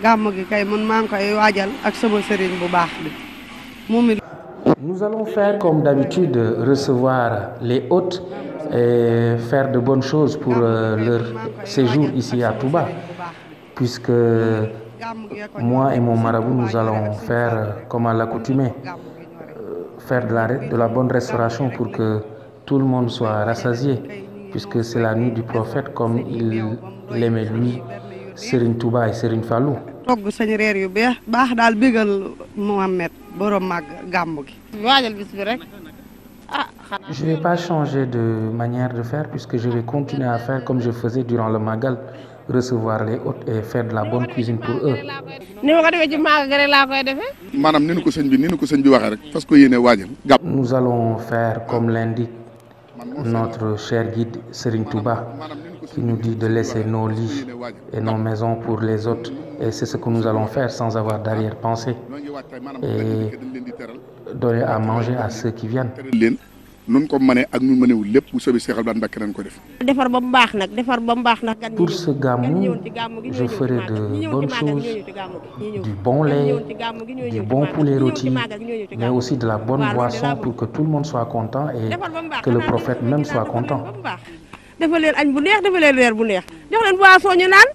gàmm gi kay man maa ngi waajal ak sama sëriñ bu baax bi moom Nous allons faire comme d'habitude recevoir les hôtes et faire de bonnes choses pour euh, leur séjour ici à Touba puisque moi et mon marabout nous allons faire euh, comme à euh, faire la, de la bonne restauration pour que tout le monde soit rassasié puisque c'est la nuit du prophète comme il l'aimait lui Serigne Touba ay Serigne Fallou. togg sañ reer yu beex baax daal bégal Mohamed borom mag gàmmu gi. waajal bis rek ah. je vais pas changer de manière de faire puisque je vais continuer à faire comme je faisais durant le magal recevoir les hôtes et faire de la bonne cuisine pour eux. ni ma ko defee ci magal gi rek koy defee. maanaam ni nu ko sëñ bi ni nu ko sëñ bi waxee rek parce que yéene waajal gàmm. nous allons faire comme l'indique notre cher guide Serigne Touba. qui nous dit de laisser nos lits et nos maisons pour les autres. Et c'est ce que nous allons faire sans avoir d'arrière-pensée et donner à manger à ceux qui viennent. nun ko mënee ak nun mënewul nañ ko def. defar ba mu baax nag defar ba mu baax nag. pour ce gàmmu je ferai de bonnes choses du bon lait du bon poulet rôti mais aussi de la bonne boisson pour que tout le monde soit content et que le prophète même soit content. dafa leen añ bu neex dafa leen reer bu neex jox leen boisson ñu naan